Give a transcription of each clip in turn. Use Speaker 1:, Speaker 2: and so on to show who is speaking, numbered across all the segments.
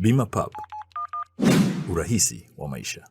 Speaker 1: Bima Pub, urahisi wa maisha.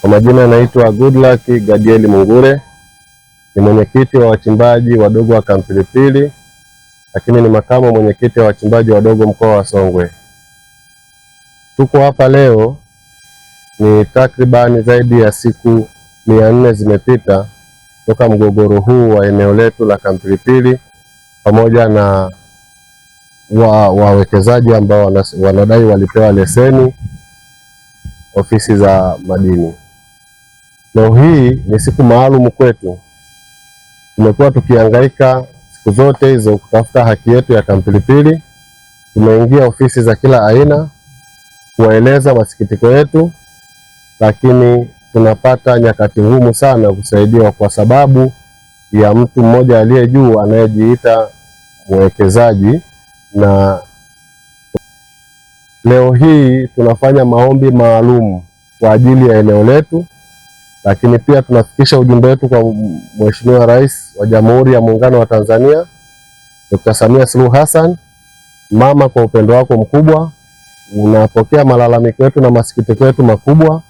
Speaker 2: Kwa majina anaitwa Goodluck Gadiel Mungure, ni mwenyekiti wa wachimbaji wadogo wa Kampilipili, lakini ni makamu mwenyekiti wa wachimbaji wadogo mkoa wa Songwe. Tuko hapa leo, ni takribani zaidi ya siku mia nne zimepita toka mgogoro huu wa eneo letu la Kampilipili pamoja na wawekezaji wa ambao wanadai walipewa leseni ofisi za madini. Leo hii ni siku maalum kwetu. Tumekuwa tukihangaika siku zote hizo kutafuta haki yetu ya Kampilipili. Tumeingia ofisi za kila aina kuwaeleza masikitiko yetu, lakini tunapata nyakati ngumu sana kusaidiwa kwa sababu ya mtu mmoja aliye juu anayejiita mwekezaji. Na leo hii tunafanya maombi maalum kwa ajili ya eneo letu lakini pia tunafikisha ujumbe wetu kwa Mheshimiwa Rais wa Jamhuri ya Muungano wa Tanzania Dr. Samia Suluhu Hassan. Mama, kwa upendo wako mkubwa unapokea malalamiko yetu na masikitiko yetu makubwa.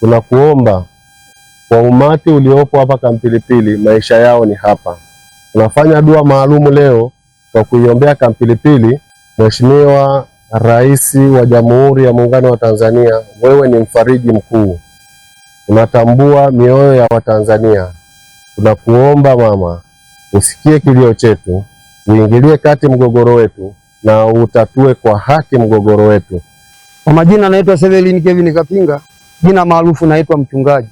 Speaker 2: Tunakuomba kwa umati uliopo hapa Kampilipili, maisha yao ni hapa. Tunafanya dua maalumu leo kwa kuiombea Kampilipili. Mheshimiwa Rais wa Jamhuri ya Muungano wa Tanzania, wewe ni mfariji mkuu unatambua mioyo ya Watanzania. Tunakuomba mama, usikie kilio chetu, uingilie kati mgogoro wetu na utatue kwa haki mgogoro wetu.
Speaker 3: Kwa majina naitwa Sevelin Kevin Kapinga, jina maarufu naitwa mchungaji.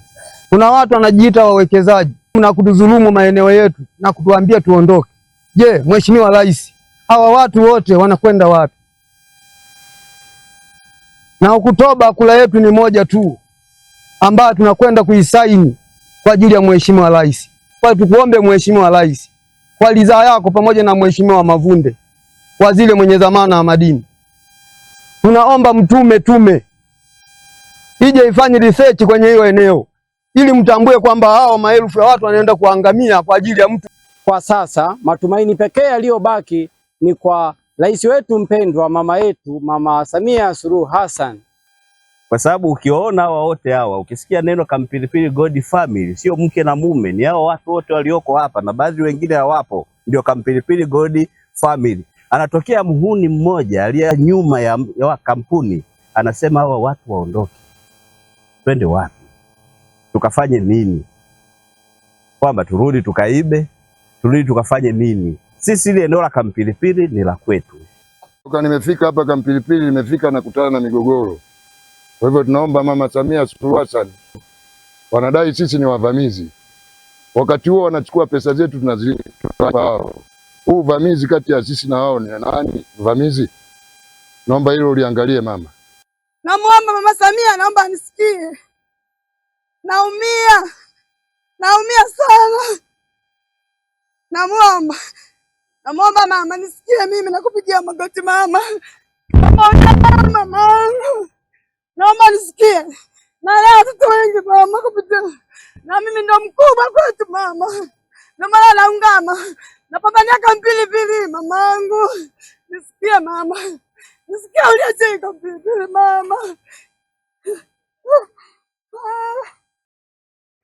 Speaker 3: Kuna watu wanajiita wawekezaji na kutudhulumu maeneo yetu na kutuambia tuondoke. Je, Mheshimiwa Rais, hawa watu wote wanakwenda wapi? Na Oktoba kula yetu ni moja tu ambayo tunakwenda kuisaini kwa ajili ya Mheshimiwa Rais. Kwa tukuombe Mheshimiwa Rais kwa ridhaa yako pamoja na Mheshimiwa Mavunde, waziri mwenye dhamana ya madini, tunaomba mtume tume ije ifanye research kwenye hiyo eneo ili mtambue kwamba hao maelfu ya watu wanaenda kuangamia kwa ajili ya mtu. Kwa sasa matumaini pekee yaliyobaki ni kwa rais wetu mpendwa, mama yetu Mama Samia Suluhu Hassan
Speaker 4: kwa sababu ukiwaona hawa wote hawa, ukisikia neno Kampilipili God Family, sio mke na mume, ni hawa watu wote walioko hapa na baadhi wengine hawapo, ndio Kampilipili God Family. Anatokea mhuni mmoja aliye nyuma ya, ya kampuni, anasema hawa watu waondoke. Twende wapi? Tukafanye nini? Kwamba turudi tukaibe? Turudi tukafanye nini? Sisi ile eneo la Kampilipili ni la kwetu.
Speaker 5: Toka nimefika hapa Kampilipili, nimefika nakutana na migogoro kwa hivyo tunaomba Mama Samia Suluhu Hassan, wanadai sisi ni wavamizi, wakati huo wanachukua pesa zetu tunazilipa wao. Huu uvamizi kati ya sisi na wao ni nani mvamizi? Naomba hilo uliangalie mama.
Speaker 6: Namuomba Mama Samia, naomba anisikie. Naumia, naumia sana. Namuomba, namuomba mama nisikie, mimi nakupigia magoti mama, mama, mama naomba nisikie. Nalea watoto wengi mama, kupitia na mimi ndo mkubwa kwetu mama, ndo maana naungama napambania kampili pili mamangu, nisikie mama, nisikie uliaje kampili pili mama